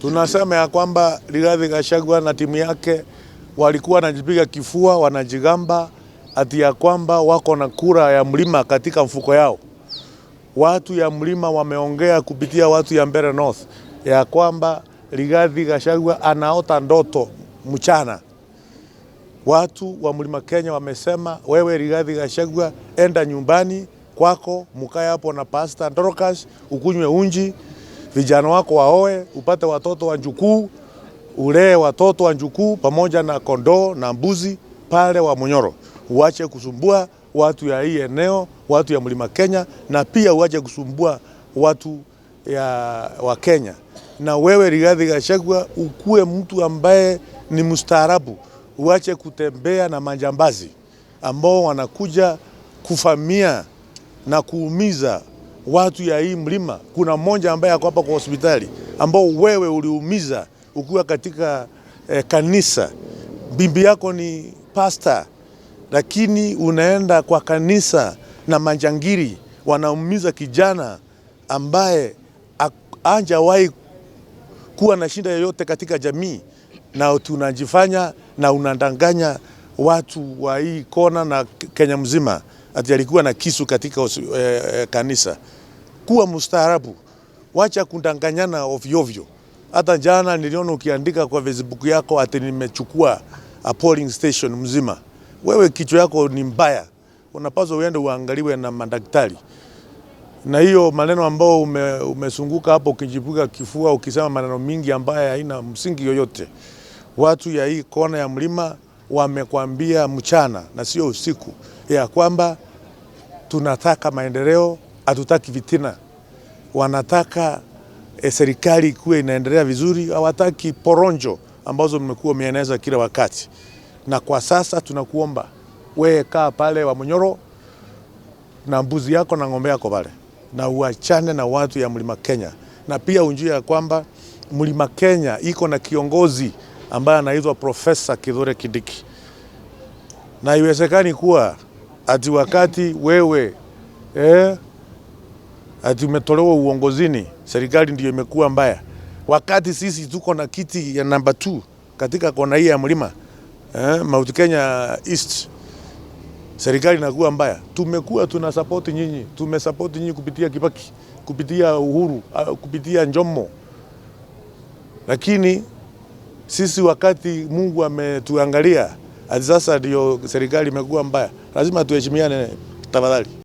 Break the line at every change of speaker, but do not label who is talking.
Tunasema ya kwamba Rigathi Gachagua na timu yake walikuwa wanajipiga kifua, wanajigamba ati ya kwamba wako na kura ya mlima katika mfuko yao. Watu ya mlima wameongea kupitia watu ya Mbere North ya kwamba Rigathi Gachagua anaota ndoto mchana. Watu wa mlima Kenya wamesema wewe, Rigathi Gachagua, enda nyumbani kwako, mkae hapo na pasta Dorcas, ukunywe unji vijana wako waoe, upate watoto wa njukuu, ulee watoto wa njukuu pamoja na kondoo na mbuzi pale wa Munyoro. Uache kusumbua watu ya hii eneo, watu ya mlima Kenya, na pia uache kusumbua watu ya wa Kenya. Na wewe Rigathi Gachagua ukue mtu ambaye ni mstaarabu, uache kutembea na majambazi ambao wanakuja kufamia na kuumiza watu ya hii mlima, kuna mmoja ambaye ako hapa kwa hospitali ambao wewe uliumiza ukiwa katika eh, kanisa. Bibi yako ni pasta, lakini unaenda kwa kanisa na majangiri wanaumiza kijana ambaye hajawahi kuwa na shida yoyote katika jamii, na tunajifanya na unadanganya watu wa hii kona na Kenya mzima ati alikuwa na kisu katika osu, eh, eh, kanisa. Kuwa mustaarabu, wacha kudanganyana ovyo ovyo. Hata jana niliona ukiandika kwa Facebook yako ati nimechukua a polling station mzima. Wewe kichwa yako ni mbaya, unapaswa uende uangaliwe na madaktari. Na hiyo maneno ambayo ume, umesunguka hapo ukijipuka kifua ukisema maneno mingi ambayo haina msingi yoyote. Watu ya hii kona ya mlima wamekwambia mchana na sio usiku ya kwamba tunataka maendeleo, hatutaki vitina. Wanataka e, serikali ikuwe inaendelea vizuri, hawataki poronjo ambazo mmekuwa mieneza kila wakati. Na kwa sasa tunakuomba wewe, kaa pale Munyoro na mbuzi yako na ng'ombe yako pale, na uachane na watu ya Mlima Kenya, na pia unjua ya kwamba Mlima Kenya iko na kiongozi ambaye anaitwa Profesa Kithure Kindiki, na iwezekani kuwa ati wakati wewe eh, ati umetolewa uongozini, serikali ndio imekuwa mbaya, wakati sisi tuko na kiti ya namba 2 katika kona hii ya mlima eh, Mount Kenya East serikali inakuwa mbaya. Tumekuwa tuna support nyinyi, tumesapoti nyinyi kupitia Kibaki, kupitia Uhuru, kupitia Njomo, lakini sisi wakati Mungu ametuangalia, sasa ndio serikali imekuwa mbaya, lazima tuheshimiane tafadhali.